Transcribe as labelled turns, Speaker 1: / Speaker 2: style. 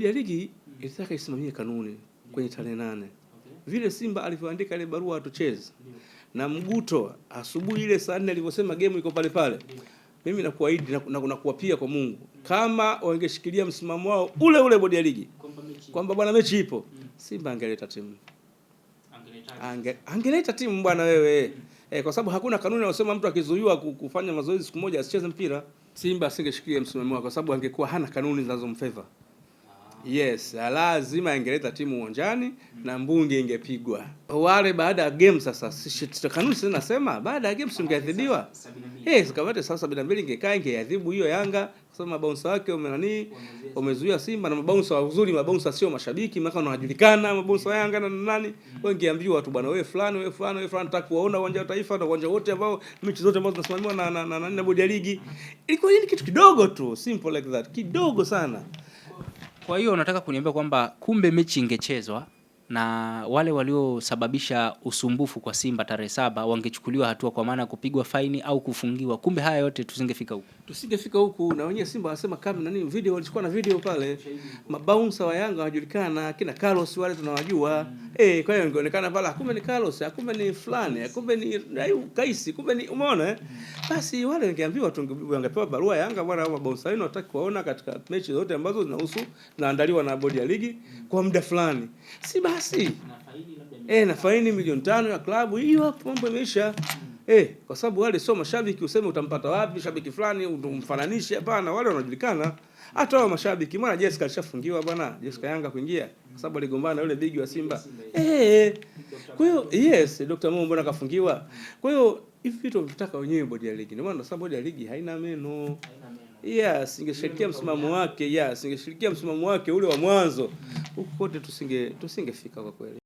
Speaker 1: Bodi ya ligi ilitaka isimamie kanuni kwenye tarehe nane okay. vile Simba alivyoandika ile barua hatuchezi na Mguto asubuhi ile saa nne alivyosema game iko pale pale, mimi nakuahidi na, na, na kuapia kwa Mungu kama wangeshikilia msimamo wao ule ule bodi ya ligi kwamba bwana mechi ipo, mm. Simba angeleta timu Ange, angeleta timu bwana wewe mm. E, kwa sababu hakuna kanuni inayosema mtu akizuiwa kufanya mazoezi siku moja asicheze mpira. Simba asingeshikilia msimamo wake kwa sababu angekuwa hana kanuni zinazomfavor. Yes, lazima ingeleta timu uwanjani mm. na mbunge ingepigwa wale baada ya game. Sasa Sisi kanuni sisi nasema baada ya game singeadhibiwa yes, kamati sasa sabini mbili ingekaa ingeadhibu hiyo Yanga kwa sababu mabaunsa wake nani umezuia Simba na mabaunsa wazuri, mabaunsa sio mashabiki, maana wanajulikana mabaunsa wa Yanga na nani mm. wangeambiwa watu bwana, wewe fulani, wewe fulani, wewe fulani, nataka kuona uwanja wa Taifa na uwanja wote ambao mechi zote ambazo zinasimamiwa na na, na, na, na bodi ya ligi. Ilikuwa ni kitu kidogo tu, simple like that, kidogo sana.
Speaker 2: Kwa hiyo unataka kuniambia kwamba kumbe mechi ingechezwa na wale waliosababisha usumbufu kwa Simba tarehe saba wangechukuliwa hatua kwa maana ya kupigwa faini au kufungiwa. Kumbe haya yote tusingefika huku,
Speaker 1: tusingefika huku. Na wenyewe Simba wanasema kama nani video walichukua na video pale, mabaunsa wa Yanga wanajulikana kina Carlos wale tunawajua mm. Eh, kwa hiyo ingeonekana pale kumbe ni Carlos, kumbe ni fulani, kumbe ni Rayu Kaisi, kumbe ni umeona eh? Mm. Basi wale wangeambiwa tu, wangepewa barua Yanga, bwana hao mabaunsa wenu wataki kuwaona katika mechi zote ambazo zinahusu naandaliwa na bodi ya ligi kwa muda fulani. Simba basi eh, na faini milioni tano ya klabu hiyo, hapo mambo yameisha. Eh, kwa sababu wale sio mashabiki useme utampata wapi shabiki fulani umfananishe. Hapana, wale wanajulikana. Hata wao mashabiki, mwana Jessica alishafungiwa bwana, Jessica Yanga kuingia kwa sababu aligombana na yule bigi wa Simba. Eh, kwa hiyo yes, Dr. Mo mbona kafungiwa? Kwa hiyo hivi vitu wamevitaka wenyewe bodi ya ligi. Ndio maana sababu bodi ya ligi haina meno. Yes, ingeshirikia msimamo wake. Yes, ingeshirikia msimamo wake ule wa mwanzo huku kote tusingefika kwa kweli.